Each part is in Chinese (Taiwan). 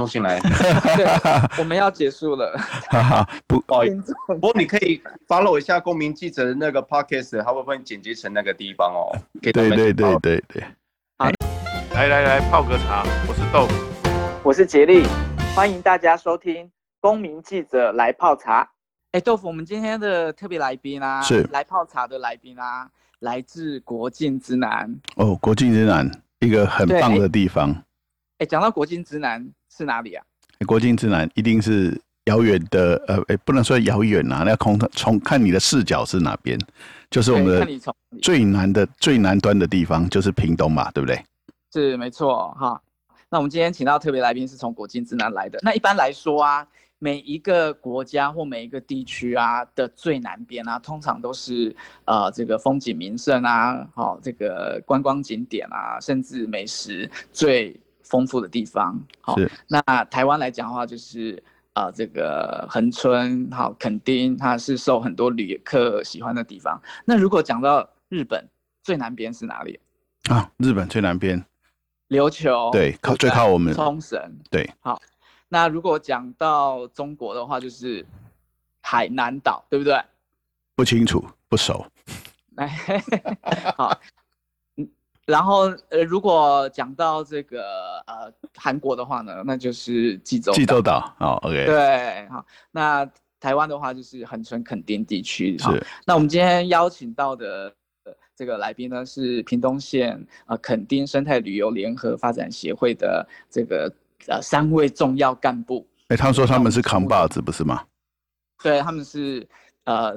重新來，我們要結束了。不，不過你可以 follow 一下公民記者的那個 p o c a e t 他會幫你剪輯成那個地方哦。對對對對好，來來來，泡個茶。我是豆腐，我是傑力，歡迎大家收聽公民記者來泡茶。哎，豆腐，我們今天的特別來賓啊，是來泡茶的來賓啊，來自國境之南。哦，國境之南，一個很棒的地方。哎，講到國境之南。是哪裡啊？國境之南一定是遙遠的，呃，欸、不能說遙遠啊，那從從看你的視角是哪邊，就是我們最南的最南端的地方，就是屏東嘛，對不對？是沒錯，哈。那我們今天請到的特別來賓是從國境之南來的。那一般來說啊，每一個國家或每一個地區啊的最南邊啊，通常都是呃這個風景名勝啊，好這個觀光景點啊，甚至美食最豐富的地方，好是、哦。那台灣來講的話，就是啊、呃，這個恆春好，墾丁，它是受很多旅客喜歡的地方。那如果講到日本最南邊是哪裡？啊，日本最南邊，琉球。對，對靠對最靠我們沖繩。沖繩對，好。那如果講到中國的話，就是海南島，對不對？不清楚，不熟。來、哎， 好。 然後，呃，如果講到這個呃韓國的話呢，那就是濟州濟州島哦、oh，OK，對，好，那台灣的話就是恆春墾丁地區。是，那我們今天邀請到的這個來賓呢，是屏東縣啊墾丁生態旅遊聯合發展協會的這個呃三位重要幹部。哎、欸，他們說他們是扛把子，不是嗎？對，他們是呃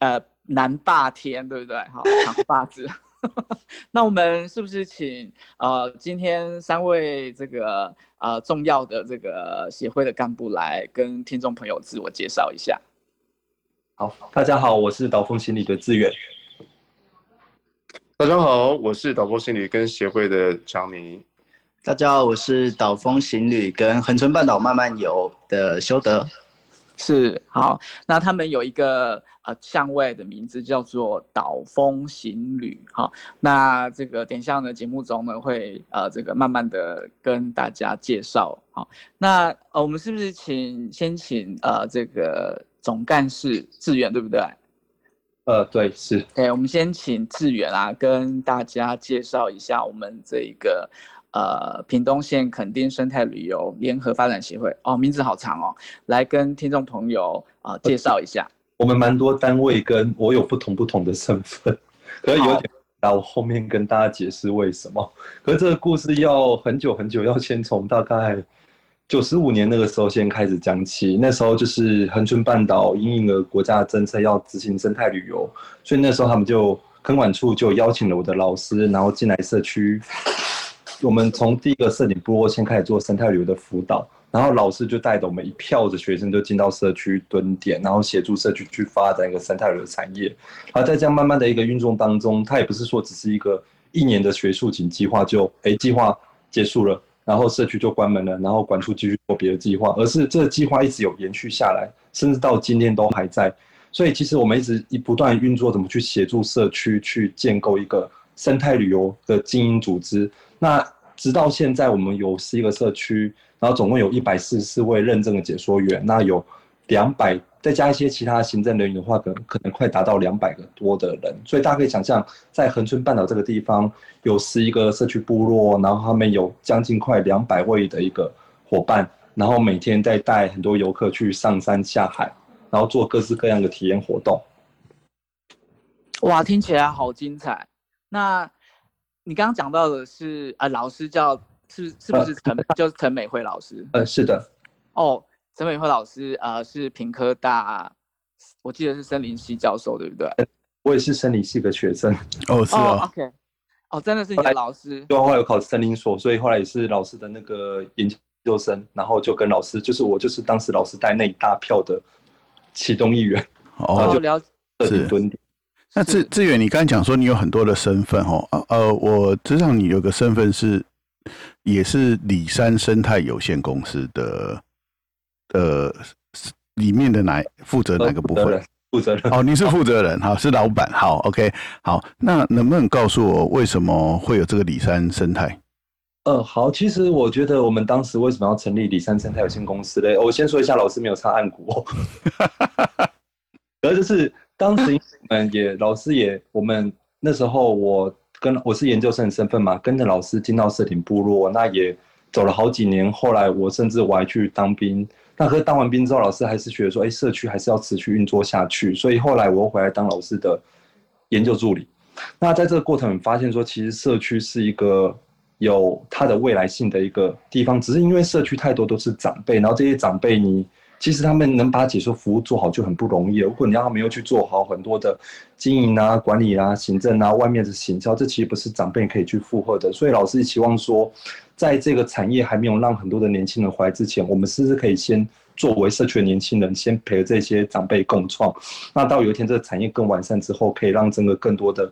呃南霸天，對不對？好，扛把子。 那我們是不是請、呃、今天三位這個啊、呃、重要的這個協會的幹部來跟聽眾朋友自我介紹一下？好，大家好，我是島風行旅的志遠。大家，大家好，我是島風行旅跟協會的強尼。大家好，我是島風行旅跟恆春半島慢慢遊的修德。是好，那他們有一個呃相位的名字叫做島風行旅好、哦，那這個等一下呢節目中呢會呃這個慢慢的跟大家介紹好、哦，那呃我們是不是請先請呃這個總幹事志遠對不對？呃對是 o、欸、我們先請志遠啊跟大家介紹一下我們這一個。呃，屏東縣墾丁生態旅遊聯合發展協會哦，名字好長哦，來跟聽眾朋友啊、呃、介紹一下。我們蠻多單位跟我有不同不同的身份，嗯、可以有點，到後面跟大家解釋為什麼。好可是這個故事要很久很久，要先從大概九十五年那個時候先開始講起。那時候就是恆春半島因應了國家政策要執行生態旅遊，所以那時候他們就墾管處就邀請了我的老師，然後進來社區。我們從第一個試點部落先開始做生態旅遊的輔導，然後老師就帶着我們一票的學生就進到社區蹲點，然後協助社區去發展一個生態旅遊產業。而在這樣慢慢的一個運作當中，它也不是說只是一個一年的學術型計劃就哎計劃結束了，然後社區就關門了，然後管處繼續做別的計劃，而是這個計劃一直有延續下來，甚至到今天都還在。所以其實我們一直一不斷運作，怎麼去協助社區去建構一個生態旅遊的經營組織。那直到現在，我們有十一個社區，然後總共有一百四十四位認證的解說員。那有兩百，再加一些其他行政人員的話，可能可能快達到兩百個多的人。所以大家可以想象，在恆春半島這個地方，有十一個社區部落，然後他們有將近快兩百位的一個夥伴，然後每天在帶很多遊客去上山下海，然後做各式各樣的體驗活動。哇，聽起來好精彩！那。你剛剛講到的是，呃老師叫是是不是陳、呃、就是陳美、呃哦、美惠老師？呃，是的。哦，陳美惠老師，呃，是屏科大，我記得是森林系教授，對不對？嗯、我也是森林系的學生。哦，是嗎、哦哦？OK。哦，真的是你的老師。對，後來有考森林所，所以後來也是老師的那個研究生，然後就跟老師，就是我就是當時老師帶那一大票的其中一員，哦、然後就蹲點。那志志遠，你剛才講說你有很多的身份哦，呃，我知道你有個身份是，也是里山生態有限公司的，呃，裡面的哪負責的哪個部分？負責人。哦，你是負責人，好，好 是老闆。好，OK，好，那能不能告訴我為什麼會有這個里山生態？呃，好，其實我覺得我們當時為什麼要成立里山生態有限公司呢？哦、我先說一下，老師沒有唱暗股，而就是。當時我們也老師也我們那時候我跟我是研究生的身份嘛，跟着老師進到社頂部落，那也走了好幾年。後來我甚至我還去當兵，那可是當完兵之後，老師還是覺得說，哎、欸，社區還是要持續運作下去。所以後來我又回來當老師的研究助理。那在這個過程，你發現說其實社區是一個有它的未來性的一個地方，只是因為社區太多都是長輩，然後這些長輩你。其實他們能把解說服務做好就很不容易了。如果你要他們去做好很多的經營啊、管理啊、行政啊、外面的行銷，這其實不是長輩可以去負荷的。所以老師希望說，在這個產業還沒有讓很多的年輕人回來之前，我們是不是可以先作為社區的年輕人，先陪這些長輩共創？那到有一天這個產業更完善之後，可以讓整個更多的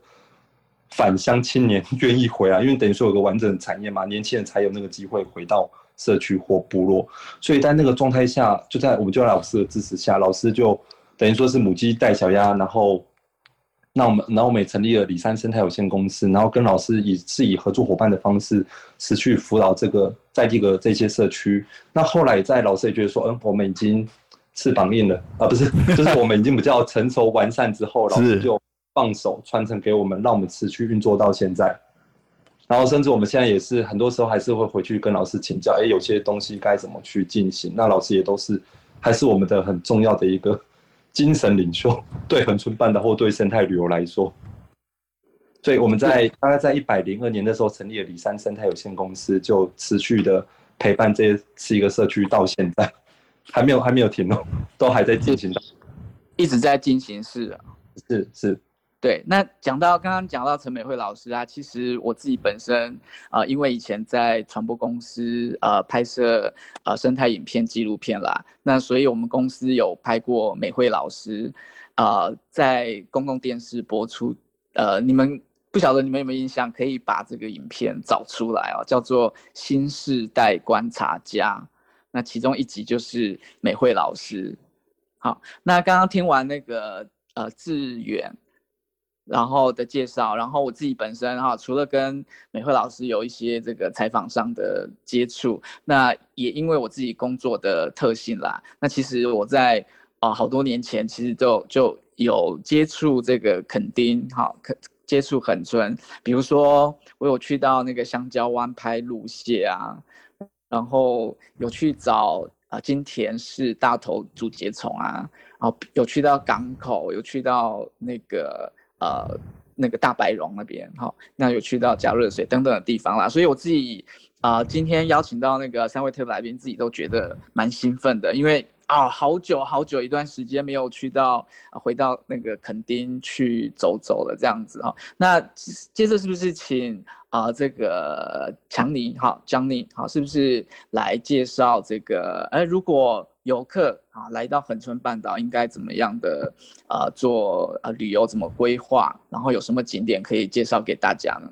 返鄉青年願意回來，因為等於說有個完整的產業嘛，年輕人才有那個機會回到。社區或部落，所以在那個狀態下，就在我們就來老師的支持下，老師就等於說是母雞帶小鴨，然後那我們，然後我們也成立了里山生態有限公司，然後跟老師以是以合作夥伴的方式持續輔導這個在地的這些社區。那後來在老師也覺得說，嗯，我們已經翅膀硬了啊，不是，就是我們已經比較成熟完善之後， 老師就放手傳承給我們，讓我們持續運作到現在。然後，甚至我們現在也是很多時候還是會回去跟老師請教，哎，有些東西該怎麼去進行？那老師也都是，還是我們的很重要的一個精神領袖。對恆春半島或對生態旅遊來說，所以我們在大概在一百零二年的時候成立了裡山生態有限公司，就持續的陪伴這四個社區到現在，還沒有還沒有停哦，都還在進行，一直在進行是啊，是是。是對，那講到剛剛講到陳美惠老師啊，其實我自己本身啊、呃，因為以前在傳播公司啊、呃、拍攝啊、呃、生態影片、紀錄片啦，那所以我們公司有拍過美惠老師啊、呃、在公共電視播出，呃，你們不曉得你們有沒有印象，可以把這個影片找出來哦，叫做《新世代觀察家》，那其中一集就是美惠老師。好，那剛剛聽完那個呃志遠。然後的介紹，然後我自己本身哈，除了跟美惠老師有一些這個採訪上的接觸，那也因為我自己工作的特性啦，那其實我在啊、呃、好多年前其實就就有接觸這個墾丁哈，墾接觸恆春，比如說我有去到那個香蕉灣拍陸蟹啊，然後有去找啊金田氏大頭竹節蟲啊，然後有去到港口，有去到那個。呃，那個大白榕那邊哈、哦，那有去到佳樂水等等的地方啦，所以我自己啊、呃，今天邀請到那個三位特別來賓，自己都覺得蠻興奮的，因為啊，好久好久一段時間沒有去到、啊、回到那個墾丁去走走了這樣子哈、哦，那接着是不是請啊、呃、這個強尼哈 Johnny 好，是不是來介紹這個？哎、呃，如果。遊客啊，來到恆春半島應該怎麼樣的啊、呃、做啊、呃、旅遊怎麼規劃？然後有什麼景點可以介紹給大家呢？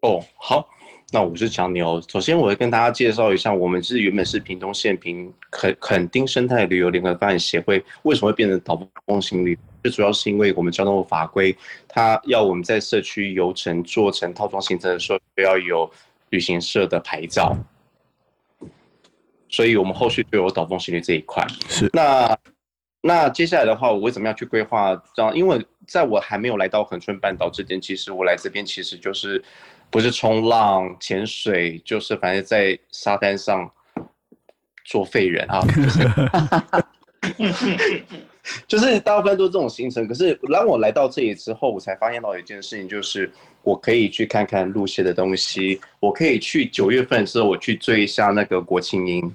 哦，好，那我是強尼。首先，我會跟大家介紹一下，我們是原本是屏東縣屏肯墾丁生態旅遊聯合發展協會，為什麼會變成島風行旅？最主要是因為我們交通法規，它要我們在社區遊程做成套裝行程的時候，都要有旅行社的牌照。所以，我們後續就有島風行旅這一塊。是。那，那接下來的話，我會怎麼樣去規劃？這樣，因為在我還沒有來到恆春半島這邊，其實我來這邊其實就是不是衝浪、潛水，就是反正，在沙灘上做廢人啊，就是， 就是大部分都這種行程。可是，當我來到這裡之後，我才發現到一件事情，就是我可以去看看陸蟹的東西，我可以去九月份的時候，我去追一下那個國慶營。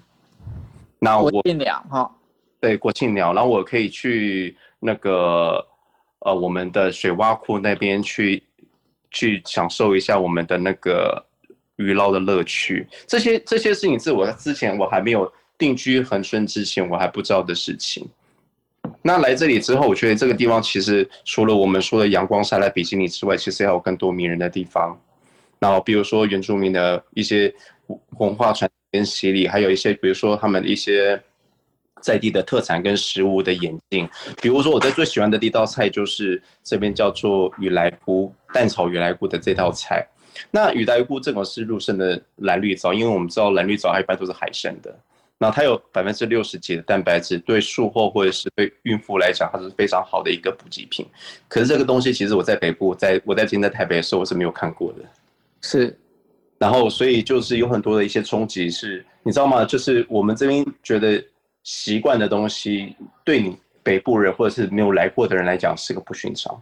那我進哈，哦、對，國慶鳥，然後我可以去那個，呃，我們的水窪庫那邊去，去享受一下我們的那個魚撈的樂趣。這些這些事情是我之前我還沒有定居恆春之前我還不知道的事情。那來這裡之後，我覺得這個地方其實除了我們說的陽光曬來比基尼之外，其實還有更多迷人的地方。然後比如說原住民的一些文化傳。跟洗禮，還有一些比如說他們一些在地的特產跟食物的引進，比如說我在最喜歡的第一道菜就是這邊叫做雨來菇蛋炒雨來菇的這道菜。那雨來菇這種是陸生的藍綠藻，因為我們知道藍綠藻它一般都是海生的，那它有百分之六十幾的蛋白質，對術後或者是對孕婦來講，它是非常好的一個補給品。可是這個東西其實我在北部，在我在今天在台北的時候我是沒有看過的，是。然後，所以就是有很多的一些衝擊，是你知道嗎？就是我們這邊覺得習慣的東西，對你北部人或者是沒有來過的人來講是個不尋常，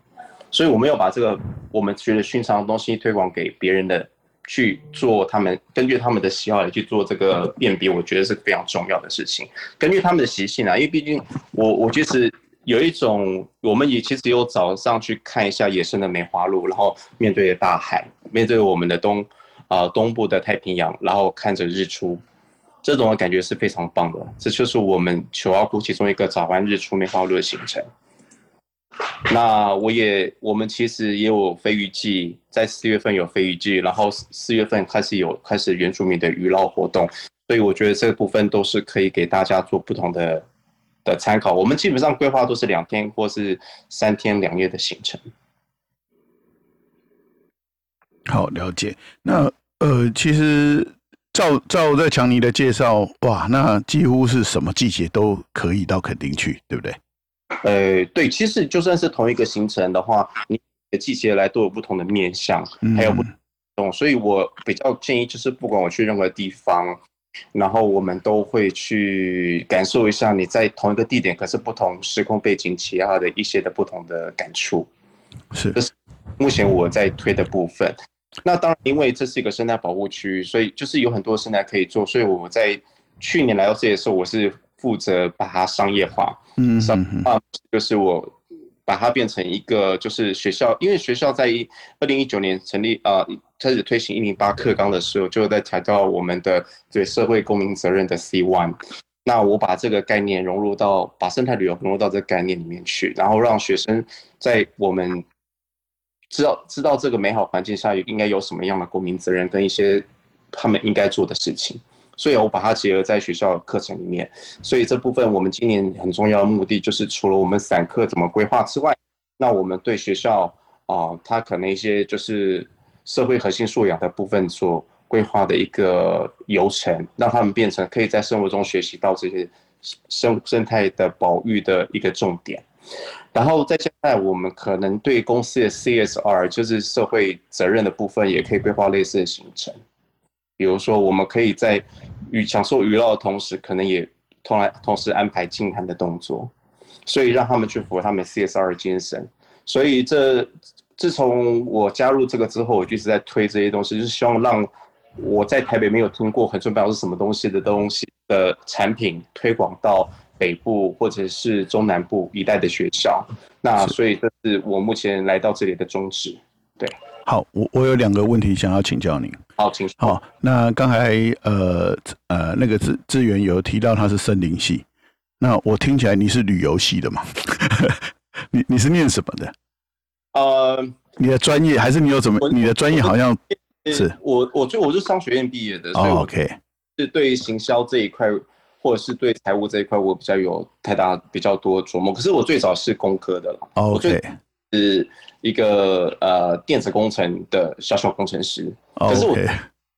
所以我們要把這個我們覺得尋常的東西推廣給別人的，去做他們根據他們的喜好來去做這個辨別，我覺得是非常重要的事情。根據他們的習性啊，因為畢竟我我其實是有一種，我們也其實有早上去看一下野生的梅花鹿，然後面對着大海，面對我們的東。啊、呃，東部的太平洋，然後看着日出，這種的感覺是非常棒的。這就是我們九澳谷其中一個早安日出梅花鹿行程。那我也，我們其實也有飛魚季，在四月份有飛魚季，然後四月份開始有開始原住民的漁撈活動，所以我覺得這部分都是可以給大家做不同的的參考。我們基本上規劃都是兩天或是三天兩夜的行程。好、哦，了解。那呃，其實照照在強尼的介紹，哇，那幾乎是什麼季節都可以到墾丁去，對不對？呃，對，其實就算是同一個行程的話，你的季節來都有不同的面向，嗯、還有不同，所以我比較建議就是，不管我去任何地方，然後我們都會去感受一下你在同一個地點可是不同時空背景其他的一些的不同的感觸。是，這是目前我在推的部分。那當然，因為這是一個生態保護區，所以就是有很多生態可以做。所以我在去年來到這裡的時候，我是負責把它商業化，嗯哼，商啊，就是我把它變成一個就是學校，因為學校在二零一九年成立，呃，開始推行一零八課綱的時候，就在談到我們的對社會公民責任的 C one。那我把這個概念融入到把生態旅遊融入到這個概念裡面去，然後讓學生在我們。知道知道這個美好環境下應該有什麼樣的公民責任跟一些他們應該做的事情，所以我把它結合在學校課程裡面。所以這部分我們今年很重要的目的就是，除了我們散客怎麼規劃之外，那我們對學校啊，他、呃、可能一些就是社會核心素養的部分所規劃的一個流程，讓他們變成可以在生活中學習到這些生生態的保育的一個重點。然後在現在，我們可能對公司的 CSR，就是社會責任的部分，也可以規劃類似的行程。比如說，我們可以在與享受娛樂的同時，可能也同來同時安排淨灘的動作，所以讓他們去符合他們 CSR 的精神。所以，這自從我加入這個之後，我就一直在推這些東西，就是希望讓我在台北沒有聽過恆春半島是什麼東西的東西的產品推廣到，北部或者是中南部一帶的學校，那所以這是我目前來到這裡的宗旨。對，好，我我有兩個問題想要請教您。好，請說。好，那剛才呃呃那個志志遠有提到他是森林系，那我聽起來你是旅遊系的嘛？ 你你是念什麼的？呃，你的專業還是你有怎麼？是你的專業好像是我是，我就我是商學院畢業的，哦、所以 OK 是對於行銷這一塊。或者是對財務這一塊，我比較有太大比較多琢磨。可是我最早是工科的哦，Okay. 我最早是一個呃電子工程的小小工程師。Okay. 可是我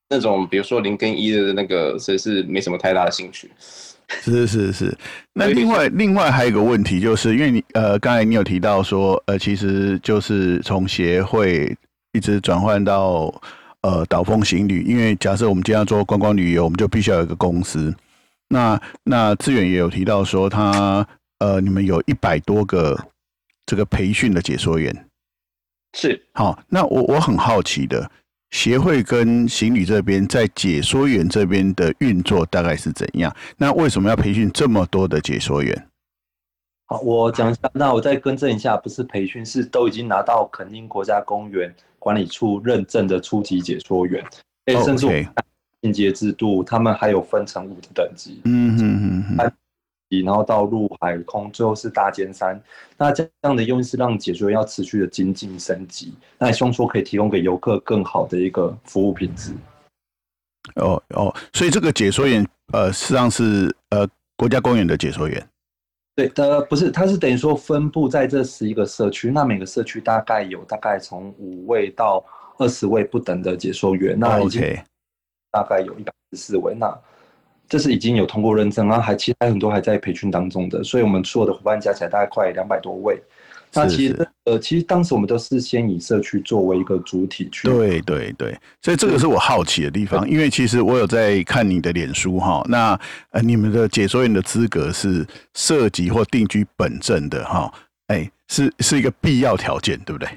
那種比如說零跟一的那個，其實是沒什麼太大的興趣。是是是。那另外對另外還有一個問題，就是因為你呃剛才你有提到說呃其實就是從協會一直轉換到呃島風行旅，因為假設我們今天要做觀光旅遊，我們就必須要有一個公司。那那志遠也有提到說他，他呃，你們有一百多個這個培訓的解說員，是好、哦。那我我很好奇的，協會跟行旅這邊在解說員這邊的運作大概是怎樣？那為什麼要培訓這麼多的解說員？好，我講一下。那我再更正一下，不是培訓，是都已經拿到墾丁國家公園管理處認證的初級解說員，哎，Okay. 甚進階制度，他們還有分成五的等級，嗯嗯嗯，班級，然後到陸海空，最後是大尖山。那這樣的用意是讓解說員要持續的精進升級，那希望說可以提供給遊客更好的一個服務品質。哦哦，所以這個解說員，呃，實際上是呃國家公園的解說員。對的，不是，他是等於說分布在這十一個社區，那每個社區大概有大概從五位到二十位不等的解說員。那 OK。大概有一百四十位，那這是已經有通過認證，然後還其他很多還在培訓當中的，所以我們所有的伙伴加起來大概快兩百多位。是是，那其實、這個、呃，其實當時我們都是先以社區作為一個主體去。對對對，所以這個是我好奇的地方，對 因為其實我有在看你的臉書哈，那呃，你們的解說員的資格是設籍或定居本鎮的哈，哎、欸，是是一個必要條件，對不對？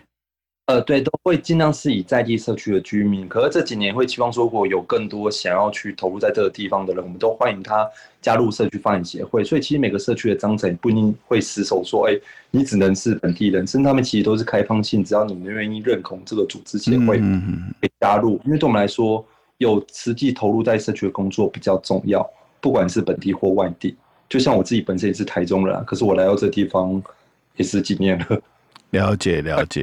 呃，對，都會盡量是以在地社區的居民。可是這幾年會期望說，如果有更多想要去投入在這個地方的人，我們都歡迎他加入社區發展協會。所以其實每個社區的章程不一定會死守說，哎、欸，你只能是本地人。甚至他們其實都是開放性，只要你們願意認同這個組織協會，嗯，可以加入。嗯、因為對我們來說，有實際投入在社區的工作比較重要，不管是本地或外地。就像我自己本身也是台中人，啊，可是我來到這地方也是幾年了，了解了解。了解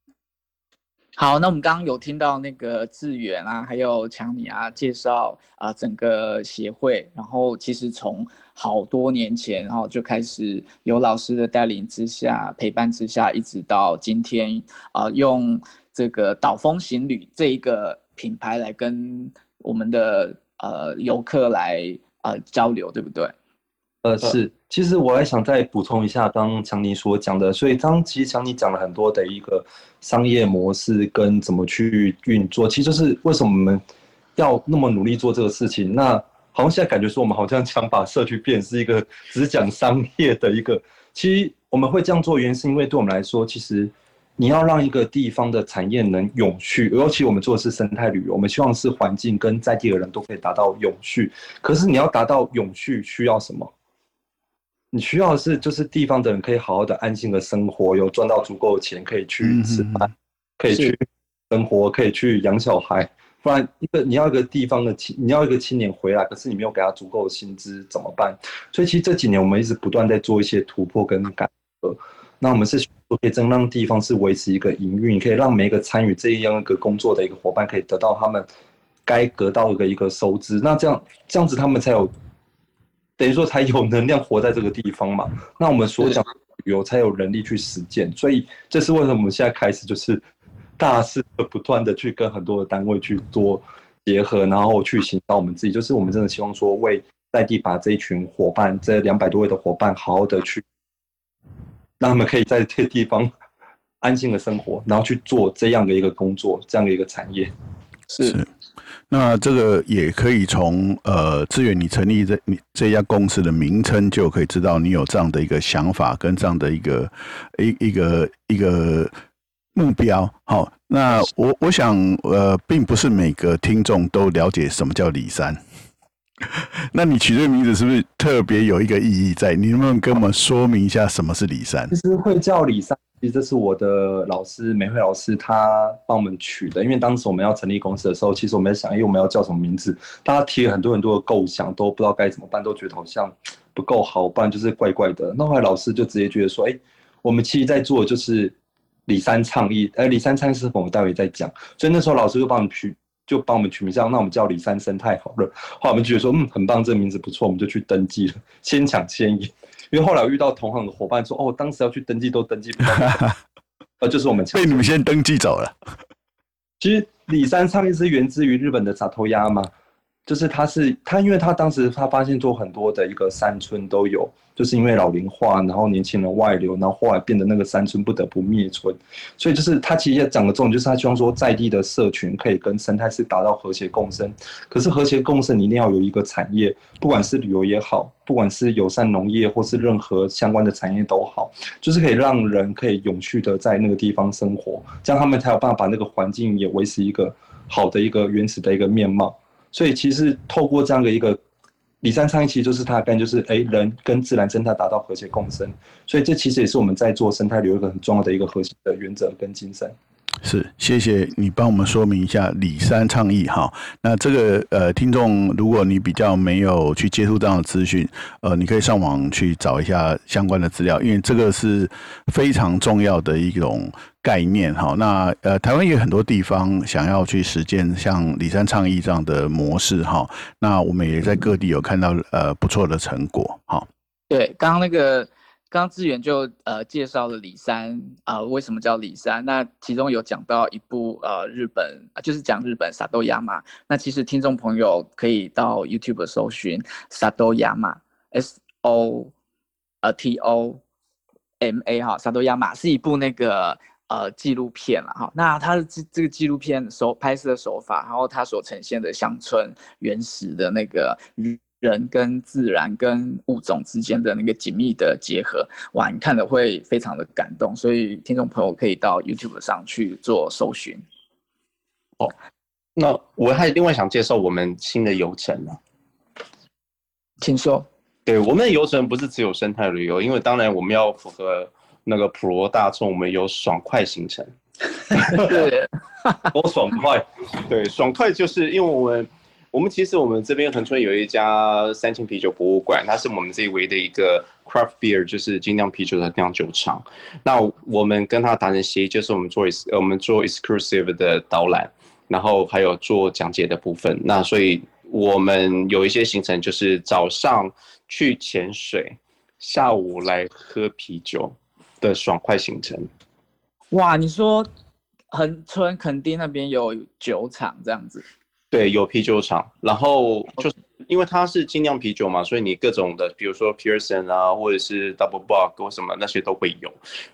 好，那我們剛剛有聽到那個志遠啊，還有強尼啊介紹啊、呃，整個協會，然後其實從好多年前，然後就開始有老師的帶領之下、陪伴之下，一直到今天啊、呃，用這個島風行旅這一個品牌來跟我們的呃遊客來呃交流，對不對？呃，是。其實我還想再補充一下，剛剛強尼所講的，所以當其實強尼講了很多的一個商業模式跟怎麼去運作，其實就是為什麼我們要那麼努力做這個事情。那好像現在感覺說，我們好像想把社區變是一個只講商業的一個。其實我們會這樣做，原因是因為對我們來說，其實你要讓一個地方的產業能永續，尤其我們做的是生態旅遊，我們希望是環境跟在地的人都可以達到永續。可是你要達到永續，需要什麼？你需要的是，就是地方的人可以好好的、安心的生活，有賺到足夠的錢，可以去吃飯，嗯、哼可以去生活，是可以去養小孩。不然，一個你要一個地方的青，你要一個青年回來，可是你沒有給他足夠的薪資，怎麼辦？所以，其實這幾年我們一直不斷在做一些突破跟改革。那我們是，可以真讓地方是維持一個營運，可以讓每一個參與這樣一個工作的一個夥伴，可以得到他們該得到的一個收支。那這樣，這樣子他們才有。等於說才有能量活在這個地方嘛？那我們所講的旅遊，才有能力去實踐，是所以這是為什麼我們現在開始就是，大肆不斷的去跟很多的單位去做結合，然後去尋找我們自己，就是我們真的希望說，為在地把這一群夥伴這兩百多位的夥伴好好的去，讓他們可以在這地方安靜的生活，然後去做這樣的一個工作，這樣的一個產業，是。是那這個也可以從呃，志遠，你成立這你這家公司的名稱就可以知道，你有這樣的一個想法跟這樣的一個一一個一個，一個目標。好、哦，那我我想呃，並不是每個聽眾都了解什麼叫里山。 那你取這個名字是不是特別有一個意義在？你能不能跟我們說明一下什麼是里山？其實會叫里山。其實這是我的老師美惠老師，他幫我們取的。因為當時我們要成立公司的時候，其實我們在想，因、欸、為我們要叫什麼名字，大家提了很多很多的構想，都不知道該怎麼辦，都覺得好像不夠好，不然就是怪怪的。那後來老師就直接覺得說：“哎、欸，我們其實在做就是里山倡議。欸”哎，里山倡議什麼，我們待會再講。所以那時候老師就幫我們取，就幫我們取名，叫那我們叫里山生態好了。後來我們覺得說：“嗯，很棒，這個、名字不錯。”我們就去登記了，先搶先贏。因為後來我遇到同行的夥伴說，哦，當時要去登記都登記不了，呃， 就是我們被你們先登記走了。其實里山倡議是源自於日本的 Satoyama 嗎？就是他是，是他，因為他當時他發現，做很多的一個山村都有，就是因為老齡化，然後年輕人外流，然後後來變得那個山村不得不滅村。所以就是他其實也講的重點，就是他希望說在地的社群可以跟生態是達到和諧共生。可是和諧共生，你一定要有一個產業，不管是旅遊也好，不管是友善農業或是任何相關的產業都好，就是可以讓人可以永續的在那個地方生活，這樣他們才有辦法把那個環境也維持一個好的一個原始的一個面貌。所以其實透過這樣的一個，里山倡議，其實就是他的概念，就是誒、欸、人跟自然生態達到和諧共生。所以這其實也是我們在做生態旅遊一個很重要的一個核心的原則跟精神。是，謝謝你幫我們說明一下里山倡議哈。那這個呃，聽眾如果你比較沒有去接觸這樣的資訊，呃，你可以上網去找一下相關的資料，因為這個是非常重要的一種概念哈。那呃，台灣也有很多地方想要去實踐像里山倡議這樣的模式哈。那我們也在各地有看到呃不錯的成果哈。對，剛剛那個。剛剛志遠就呃介紹了里山啊、呃，為什麼叫里山？那其中有講到一部呃日本，啊，就是講日本 Satoyama。那其實聽眾朋友可以到 YouTube 搜尋 Satoyama S O，呃 T O，M A 哈，Satoyama 是一部那個呃紀錄片了哈。那它的這這個紀錄片手拍攝的手法，然後它所呈現的鄉村原始的那個。人跟自然、跟物種之間的那個緊密的結合，哇，你看的會非常的感動，所以聽眾朋友可以到 YouTube 上去做搜尋。哦，那我還另外想介紹我們新的遊程呢，請說。對，我們的遊程不是只有生態旅遊，因為當然我們要符合那個普羅大眾，我們有爽快行程。哈 對多爽快！ 對，爽快就是因為我們。我們其實我們這邊恆春有一家三千啤酒博物館，它是我們這一圍的一個 craft beer，就是精釀啤酒的釀酒廠。那我們跟他達成協議，就是我們做 ex，我們做 exclusive 的導覽，然後還有做講解的部分。那所以我們有一些行程，就是早上去潛水，下午來喝啤酒的爽快行程。哇，你說恆春墾丁那邊有酒廠這樣子？對，有啤酒廠，然後就是、因為它是精釀啤酒嘛，所以你各種的，比如說 Pearson 啊，或者是 Double Bock 或什麼那些都會有。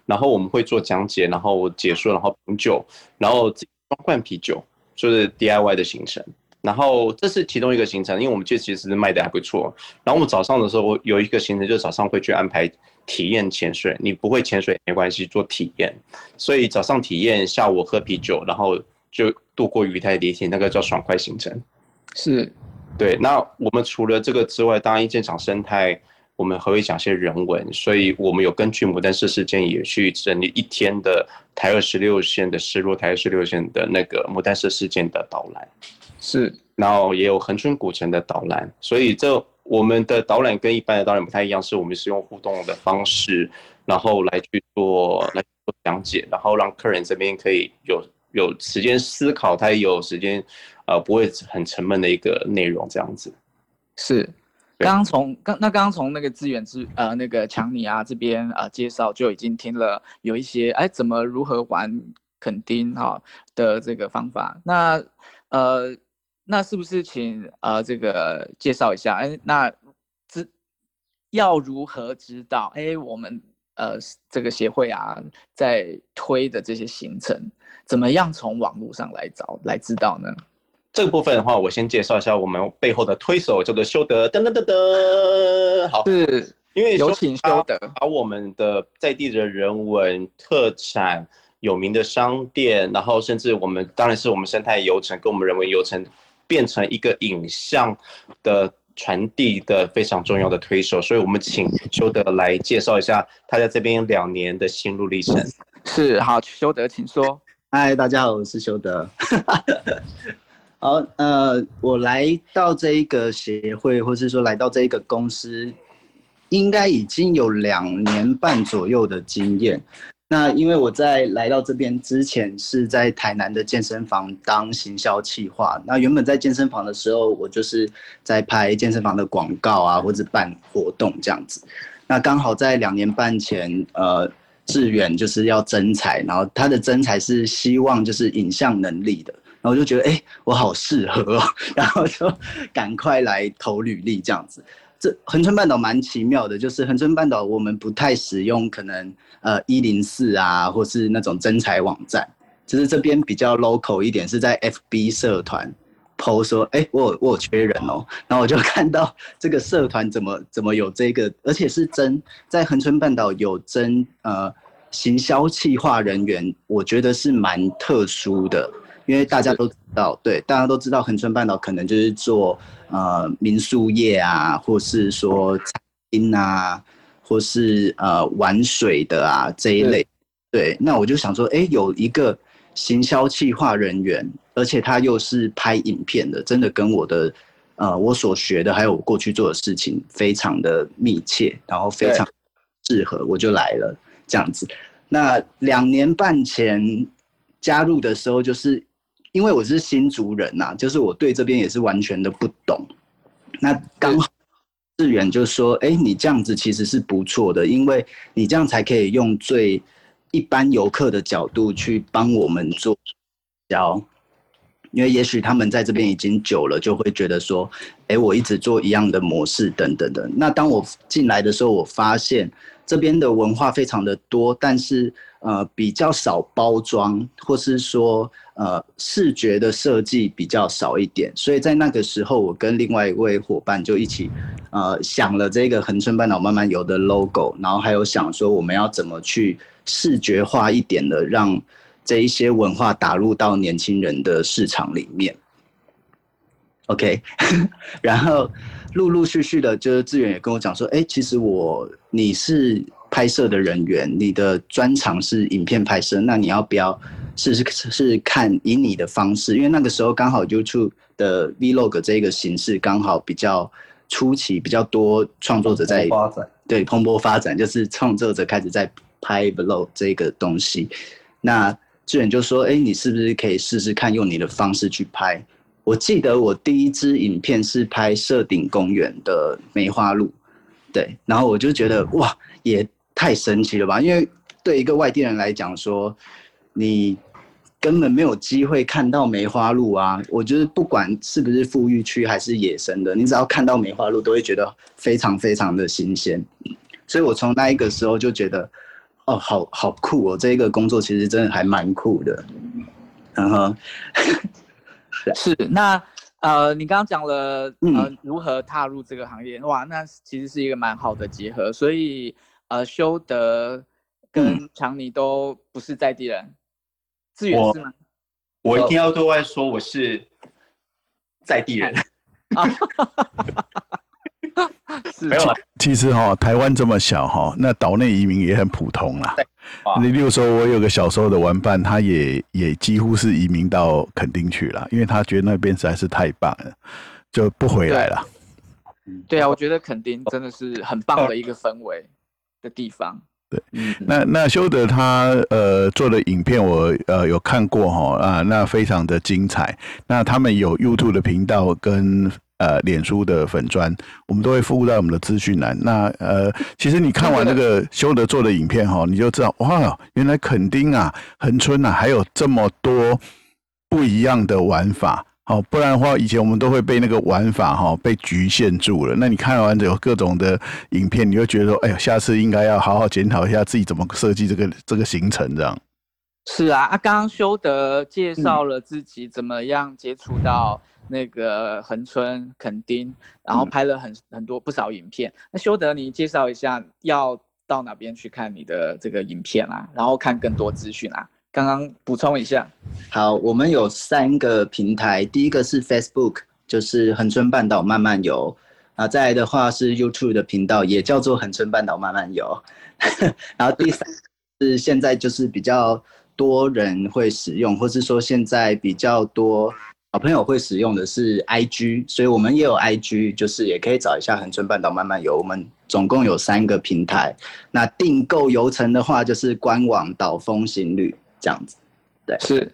然後我們會做講解，然後解說，然後品酒，然後裝罐啤酒，就是 DIY 的行程。然後這是其中一個行程，因為我們這其實賣的還不錯。然後我們早上的時候，我有一個行程，就是早上會去安排體驗潛水。你不會潛水沒關係，做體驗。所以早上體驗，下午喝啤酒，然後就。度過余太地鐵，那個叫爽快行程，是，對。那我們除了這個之外，當然一件廠生態，我們還會講些人文，所以我們有根據牡丹社事件也去整理一天的台二十六線的失落，台二十六線的那個牡丹社事件的導覽，是。然後也有恆春古城的導覽，所以這我們的導覽跟一般的導覽不太一樣，是我們是用互動的方式，然後來去做來做講解，然後讓客人這邊可以有。有時間思考，他也有時間，呃，不會很沉悶的一個內容這樣子。是，剛從剛那剛剛從那個資源之呃那個強尼啊這邊啊、呃、介紹就已經聽了有一些哎、欸、怎麼如何玩墾丁哈、喔、的這個方法。那呃那是不是請啊、呃？這個介紹一下哎、欸、那知要如何知道哎、欸、我們。呃，這個協會啊，在推的這些行程，怎麼樣從網絡上來找，來知道呢？這個部分的話，我先介紹一下我們背後的推手叫做修德，噔噔噔噔，好，是因為有請修德把我們的在地的人文特產、有名的商店，然後甚至我們當然是我們生態遊程跟我們人文遊程，變成一個影像的。傳遞的非常重要的推手，所以我們請修德來介紹一下他在這邊兩年的心路歷程。是，好，修德，請說。嗨，大家好，我是修德。 好，呃，我來到這一個協會，或是說來到這一個公司，應該已經有兩年半左右的經驗。那因為我在來到這邊之前是在台南的健身房當行銷企劃。那原本在健身房的時候，我就是在拍健身房的廣告啊，或者辦活動這樣子。那剛好在兩年半前，呃，志遠就是要徵才，然後他的徵才是希望就是影像能力的，然後我就覺得，哎、欸，我好適合、哦，然後就趕快來投履歷這樣子。這恆春半島蠻奇妙的，就是恆春半島我們不太使用可能。呃，一零四啊，或是那種徵才網站，其實這邊比較 local 一點，是在 FB 社團 PO 說，哎、欸，我有我有缺人哦，然後我就看到這個社團怎麼怎麼有這個，而且是徵在恆春半島有徵呃行銷企劃人員，我覺得是蠻特殊的，因為大家都知道，是對，大家都知道恆春半島可能就是做呃民宿業啊，或是說餐廳啊。或是呃玩水的啊這一類，對，對，那我就想說，哎、欸，有一個行銷企劃人員，而且他又是拍影片的，真的跟我的呃我所學的還有我過去做的事情非常的密切，然後非常適合，對我就來了這樣子。那兩年半前加入的時候，就是因為我是新竹人吶、啊，就是我對這邊也是完全的不懂，那剛好。志遠就說：“哎、欸，你這樣子其實是不錯的，因為你這樣才可以用最一般遊客的角度去幫我們做交。因為也許他們在這邊已經久了，就會覺得說，哎、欸，我一直做一樣的模式等等等。那當我進來的時候，我發現這邊的文化非常的多，但是呃比較少包裝，或是說呃視覺的設計比較少一點。所以在那個時候，我跟另外一位伙伴就一起。”呃，想了這個恆春半島慢慢遊的 logo，然後還有想說我們要怎麼去視覺化一點的，讓這一些文化打入到年輕人的市場裡面。OK， 然後陸陸續續的，就是志遠也跟我講說，哎、欸，其實我你是拍攝的人員，你的專長是影片拍攝，那你要不要試試是看以你的方式，因為那個時候剛好 YouTube 的 Vlog 這個形式剛好比較。初期比較多創作者在發展，對蓬勃發展，就是創作者開始在拍 vlog 這個東西。那志遠就說：“哎、欸，你是不是可以試試看用你的方式去拍？”我記得我第一支影片是拍社頂公園的梅花鹿，對，然後我就覺得哇，也太神奇了吧！因為對一個外地人來講說，你。根本沒有機會看到梅花鹿啊！我覺得不管是不是富裕區還是野生的，你只要看到梅花鹿，都會覺得非常非常的新鮮。所以我從那一個時候就覺得，哦，好好酷、哦！這一個工作其實真的還蠻酷的。然、uh、後、huh. 是那呃，你剛剛講了呃，如何踏入這個行業？嗯、哇，那其實是一個蠻好的結合。所以呃，修德跟強尼都不是在地人。至於是嗎？我我一定要對外說我是在地人啊，其實哈，台灣這麼小哈，那島內移民也很普通啦。你比、啊、如說，我有個小時候的玩伴，他也也幾乎是移民到墾丁去了，因為他覺得那邊實在是太棒了，就不回來了。嗯對，嗯、對啊，我覺得墾丁真的是很棒的一個氛圍的地方。對，那那修德他呃做的影片我呃有看過哈，啊、呃，那非常的精彩。那他們有 YouTube 的頻道跟呃臉書的粉專，我們都會附在我們的資訊欄。那呃，其實你看完那個修德做的影片哈，你就知道哇，原來墾丁啊、恆春啊，還有這麼多不一樣的玩法。好、哦，不然的話，以前我們都會被那個玩法哈、哦、被局限住了。那你看完有各種的影片，你就會覺得說，哎呦，下次應該要好好檢討一下自己怎麼設計這個這個行程這樣。是啊，啊，剛剛修德介紹了自己怎麼樣接觸到那個恆春、墾丁，嗯、然後拍了很很多不少影片。那修德，你介紹一下要到哪邊去看你的這個影片啊，然後看更多資訊啊。剛剛補充一下，好，我們有三個平台，第一個是 Facebook，就是恆春半島慢慢遊，啊，再來的話是 YouTube 的頻道，也叫做恆春半島慢慢遊， 然後第三個是現在就是比較多人會使用，或是說現在比較多小朋友會使用的是 IG，所以我們也有 IG，就是也可以找一下恆春半島慢慢遊。我們總共有三個平台，那訂購遊程的話就是官網島風行旅。這樣子，對，是，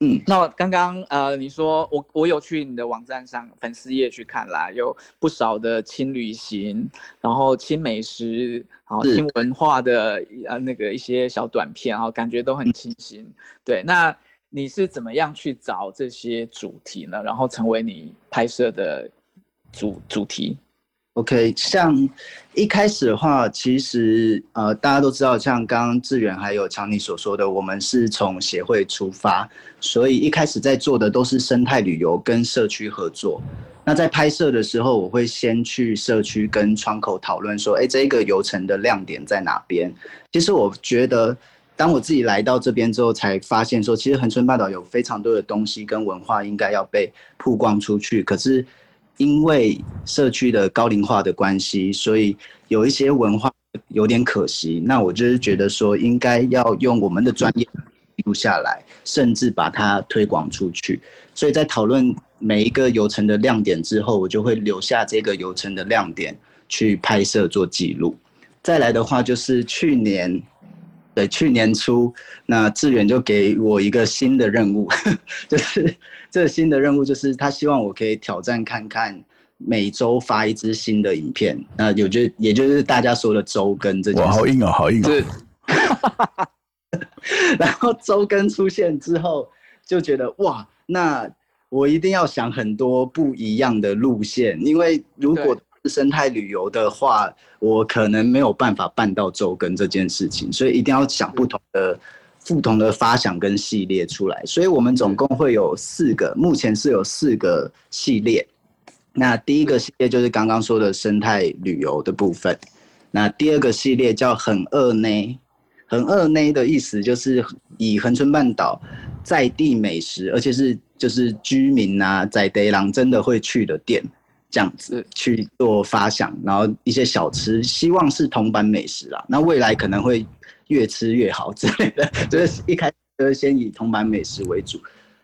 嗯，那剛剛呃，你說我我有去你的網站上粉絲頁去看了，有不少的輕旅行，然後輕美食，然後輕文化的呃是、啊、那個一些小短片啊，然後感覺都很清新。嗯、對，那你是怎麼樣去找這些主題呢？然後成為你拍攝的主主題？OK，像一開始的話，其實呃，大家都知道，像剛剛志遠還有強尼所說的，我們是從協會出發，所以一開始在做的都是生態旅遊跟社區合作。那在拍攝的時候，我會先去社區跟窗口討論說，誒、欸，這個遊程的亮點在哪邊？其實我覺得，當我自己來到這邊之後，才發現說，其實恆春半島有非常多的東西跟文化應該要被曝光出去，可是。因為社區的高齡化的關係，所以有一些文化有點可惜。那我就是覺得說，應該要用我們的專業記錄下來，甚至把它推廣出去。所以在討論每一個遊程的亮點之後，我就會留下這個遊程的亮點去拍攝做記錄。再來的話，就是去年，對，去年初，那志遠就給我一個新的任務， 就是。這新的任務就是他希望我可以挑戰看看，每周發一支新的影片。那有就也就是大家說的周更這件事，哇好硬哦，好硬哦。就 然後周更出現之後，就覺得哇，那我一定要想很多不一樣的路線，因為如果生態旅遊的話，對我可能沒有辦法辦到周更這件事情，所以一定要想不同的。不同的發想跟系列出來，所以我們總共會有四個，目前是有四個系列。那第一個系列就是剛剛說的生態旅遊的部分，那第二個系列叫很餓呢，很餓呢的意思就是以恆春半島在地美食，而且是就是居民啊在地人真的會去的店這樣子去做發想，然後一些小吃，希望是銅板美食啦。那未來可能會。越吃越好之類的，就是一開始是先以銅板美食為主，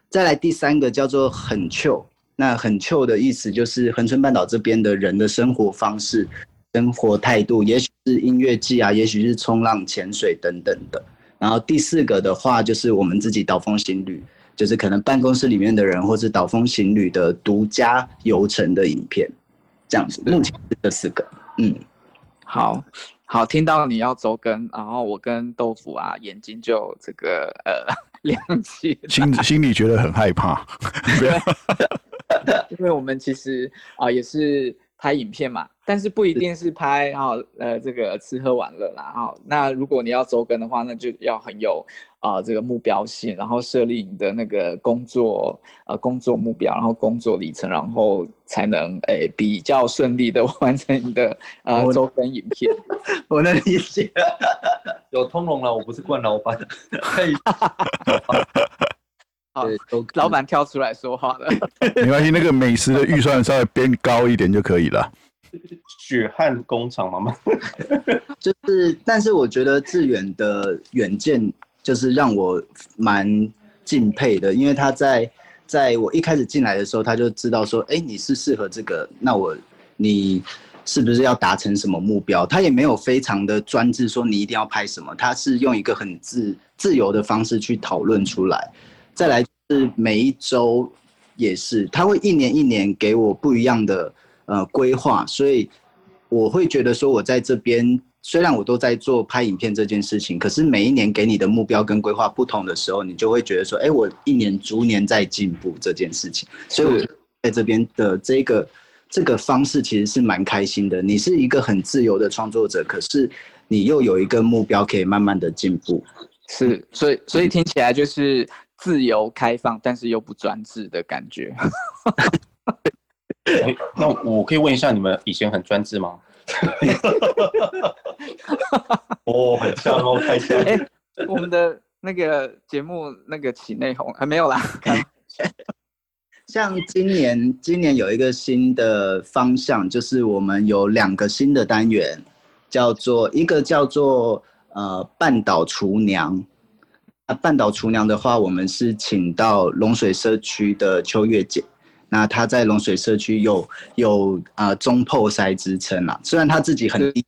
再來第三個叫做很 Q，那很 Q 的意思就是恆春半島這邊的人的生活方式、生活態度，也許是音樂季啊，也許是衝浪、潛水等等的。然後第四個的話就是我們自己島風行旅，就是可能辦公室裡面的人或是島風行旅的獨家遊程的影片，這樣子。目前是這四個，嗯，嗯，好。好，聽到你要週更，然後我跟豆腐啊，眼睛，就這個呃亮起，心心裡覺得很害怕，對，因為我們其實啊、呃、也是。拍影片嘛，但是不一定是拍啊是、哦，呃，這個吃喝玩樂啦。哦，那如果你要周更的話，那就要很有啊、呃，這個目標性，嗯、然後設立你的那個工作啊、呃，工作目標，然後工作里程，然後才能誒比較順利的完成你的啊、呃、我周更影片。我能理解，有通融了，我不是慣老闆。對，好老闆跳出來說話了。 沒關係，那個美食的預算稍微變高一點就可以了。 血汗工廠了嗎？媽媽 就是，但是我覺得志遠的遠見就是讓我蠻敬佩的，因為他在在我一開始進來的時候，他就知道說，哎、欸，你是適合這個，那我你是不是要達成什麼目標？他也沒有非常的專制，說你一定要拍什麼，他是用一個很自自由的方式去討論出來。再來是每一周，也是他會一年一年給我不一樣的呃規劃，所以我會覺得說我在這邊雖然我都在做拍影片這件事情，可是每一年給你的目標跟規劃不同的時候，你就會覺得說，誒，我一年逐年在進步這件事情。所以我在這邊的這個這個方式其實是蠻開心的。你是一個很自由的創作者，可是你又有一個目標可以慢慢的進步。是，所以所以聽起來就是。自由開放，但是又不專制的感覺 、欸。那我可以問一下，你們以前很專制嗎？ 哦，很像哦，看起來。 我們的那個節目那個起內訌，哎、啊，沒有啦。 像今年，今年有一個新的方向，就是我們有兩個新的單元，叫做一個叫做呃半島廚娘。啊、半島廚娘的話，我們是請到龍水社區的秋月姐。那她在龍水社區有有啊、呃、總舖師之稱啊，雖然她自己很低，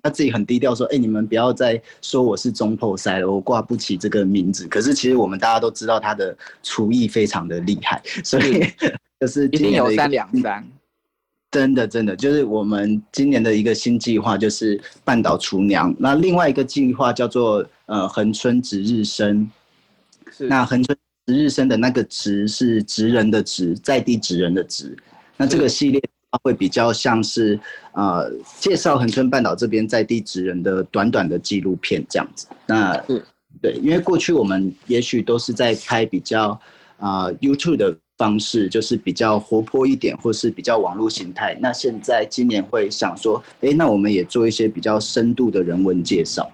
她自己很低調說：“哎、欸，你們不要再說我是總舖師了，我掛不起這個名字。”可是其實我們大家都知道她的廚藝非常的厲害，所以就是，可是今一,一定有三兩三。真的，真的，就是我們今年的一個新計劃，就是半島廚娘。那另外一個計劃叫做呃恆春值日生。是那恆春值日生的那個值是職人的職，在地職人的職。那這個系列它會比較像是呃介紹恆春半島這邊在地職人的短短的紀錄片這樣子。那對，因為過去我們也許都是在拍比較啊、呃、YouTube 的。方式就是比較活潑一點，或是比較網絡形態。那現在今年會想說，哎、欸，那我們也做一些比較深度的人文介紹。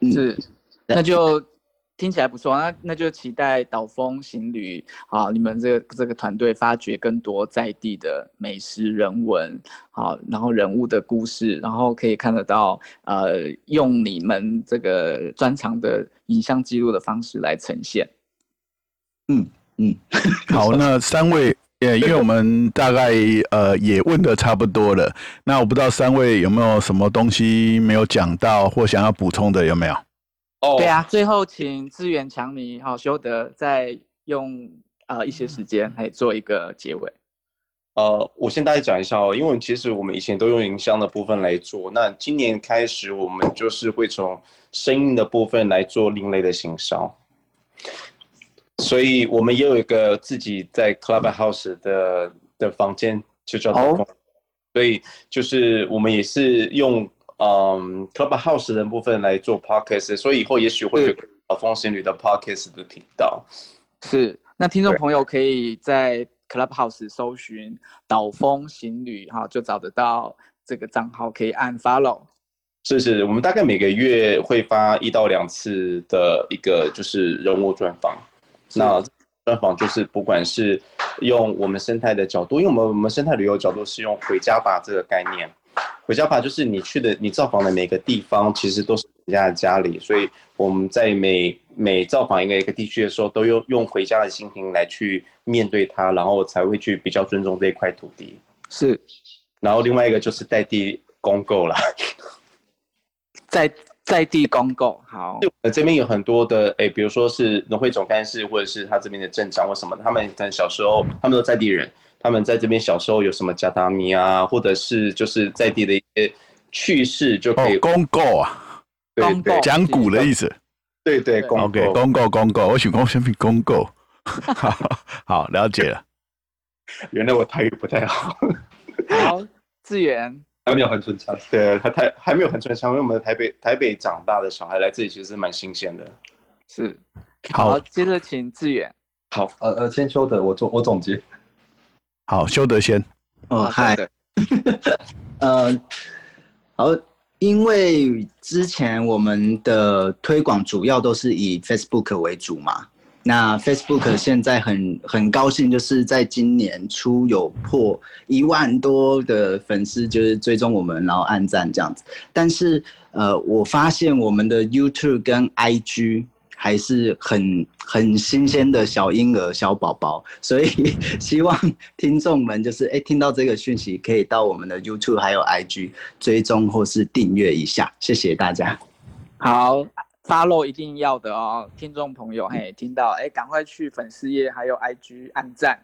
嗯、是，那就聽起來不錯。那那就期待導風行旅好、啊，你們這個、這個團隊發掘更多在地的美食、人文，好、啊，然後人物的故事，然後可以看得到，呃，用你們這個專長的影像記錄的方式來呈現。嗯。嗯， 好， 那三位也， 對對對，因為我們大概呃也問得差不多了，那我不知道三位有沒有什麼東西沒有講到或想要補充的，有沒有？哦，oh, 對啊，最後請志遠強尼、好修德再用啊、呃、一些時間來做一個結尾。嗯、呃，我先大概講一下哦，因為其實我們以前都用影像的部分來做，那今年開始我們就是會從聲音的部分來做另類的行銷。所以我們也有一個自己在 Clubhouse 的、嗯、的房間，就叫島風。Oh. 所以就是我們也是用嗯、um, Clubhouse 的部分來做 podcast，所以以後也許會有島風行旅的 podcast 的頻道是。是，那聽眾朋友可以在 Clubhouse 搜尋島風行旅哈對，就找得到這個賬號，可以按 follow。是是，我們大概每個月會發一到兩次的一個就是人物專訪。那造訪就是不管是用我們生態的角度，因為我們我們生態旅遊角度是用“回家吧”這個概念，“回家吧”就是你去的你造訪的每個地方，其實都是人家的家裡，所以我們在每每造訪一個一個地區的時候，都用用回家的心情來去面對它，然後才會去比較尊重這一塊土地。是，然後另外一個就是在地公購啦， 在。在地公告好，呃，這邊有很多的，哎、欸，比如說是農會總幹事，或者是他這邊的鎮長或什麼的，他們在小時候，他們都在地人，他們在這邊小時候有什麼家大咪啊，或者是就是在地的一些趣事就可以、哦、公告啊，公告講古的意思。對，對對，公告、okay,，公告，我選我想說公告， 好，了解了，原來我台語不太好。好，志遠。還沒有很純香，對他、啊、太還沒有很純香，因為我們台北台北長大的小孩來這裡其實是蠻新鮮的。是，好，接着請志遠。好，好呃呃，先修德，我總我總結。好，修德先。 哦，嗨。 呃，好，因為之前我們的推廣主要都是以 Facebook 為主嘛。那 Facebook 現在很很高興，就是在今年初有破一萬多的粉絲，就是追蹤我們，然後按讚這樣子。但是，呃，我發現我們的 YouTube 跟 IG 還是很很新鮮的小嬰兒、小寶寶，所以希望聽眾們就是欸，聽到這個訊息，可以到我們的 YouTube 還有 IG 追蹤或是訂閱一下，謝謝大家。好。Follow 一定要的哦，聽眾朋友嘿，聽到哎，欸，趕快去粉絲頁還有 IG 按讚。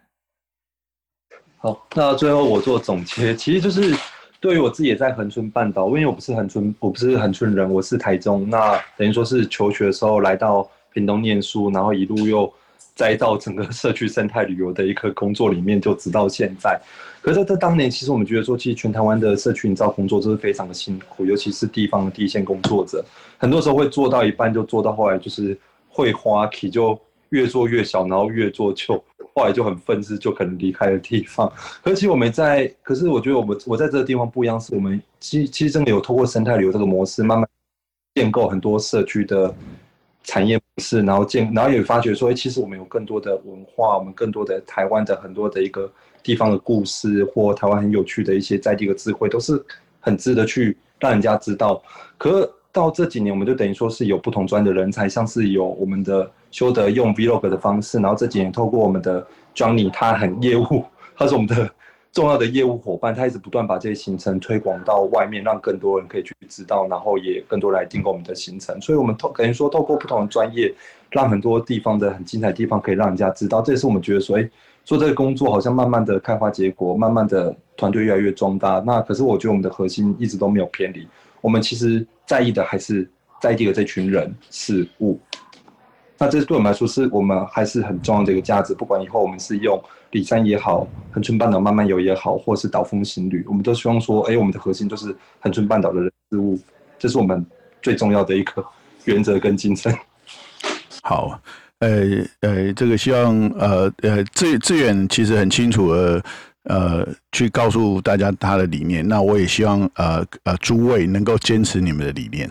好，那最後我做總結，其實就是對於我自己也在恆春半島，因為我不是恆春，我不是恆春人，我是台中，那等於說是求學的時候來到屏東念書，然後一路又栽到整個社區生態旅遊的一個工作裡面，就直到現在。可是，在當年其實我們覺得說，其實全台灣的社區營造工作真的非常的辛苦，尤其是地方的第一線工作者，很多時候會做到一半就做到後來就是會花起，就越做越小，然後越做就後來就很憤世，就可能離開的地方。可是我們在，可是我覺得我們我在這個地方不一樣，是我們其實其實真的有透過生態旅遊這個模式，慢慢建構很多社區的產業模式，然後建，然後也發覺說，哎，其實我們有更多的文化，我們更多的台灣的很多的一個。地方的故事或台灣很有趣的一些在地的智慧，都是很值得去讓人家知道。可到這幾年，我們就等於說是有不同專業的人才，像是有我們的修德用 vlog 的方式，然後這幾年透過我們的 Johnny，他很業務，他是我們的重要的業務夥伴，他一直不斷把這些行程推廣到外面，讓更多人可以去知道，然後也更多人來訂購我們的行程。所以，我們透等於說透過不同專業，讓很多地方的很精彩的地方可以讓人家知道，這也是我們覺得說，哎。做這個工作好像慢慢的開花結果，慢慢的團隊越來越壯大。那可是我覺得我們的核心一直都沒有偏離，我們其實在意的還是在地的這群人事物。那這是對我們來說，是我們還是很重要的一個價值。不管以後我們是用里山也好，恆春半島慢慢遊也好，或是島風行旅，我們都希望說，哎、欸，我們的核心就是恆春半島的人事物，這是我們最重要的一個原則跟精神。好。呃呃、欸欸，這個希望呃呃，志志遠其實很清楚的，呃，去告訴大家他的理念。那我也希望呃呃，諸、呃、位能夠堅持你們的理念。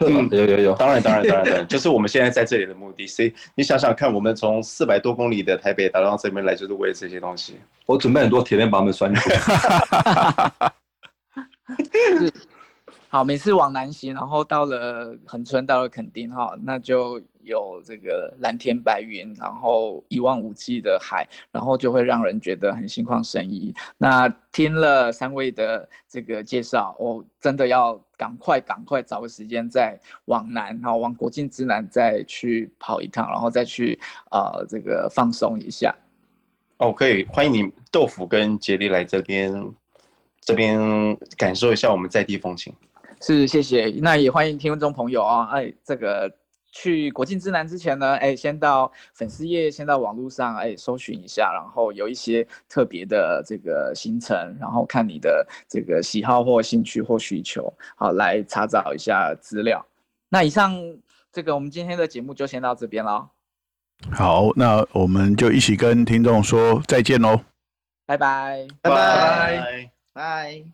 嗯、有有有，當然當然當然，當然。當然就是、就是我們現在在這裡的目的，所以你想想看，我們從四百多公里的台北打到這邊來，就是為了這些東西。 我準備很多鐵鏈把你們拴住。好，每次往南行，然後到了恆春，到了墾丁，哈、哦，那就。有這個藍天白雲，然後一望無際的海，然後就會讓人覺得很心曠神怡。那聽了三位的這個介紹，我真的要趕快趕快找個時間再往南，然後往國境之南再去跑一趟，然後再去啊、呃、這個放鬆一下。哦，可以歡迎你豆腐跟傑利來這邊，這邊感受一下我們在地風情。是，謝謝。那也歡迎聽眾朋友啊、哦，哎這個。去國境之南之前呢，欸、先到粉絲頁，先到網絡上，哎、欸，搜尋一下，然後有一些特別的這個行程，然後看你的這個喜好或興趣或需求，好，來查找一下資料。那以上這個我們今天的節目就先到這邊了。好，那我們就一起跟聽眾說再見嘍，拜拜，拜拜 bye，拜 bye。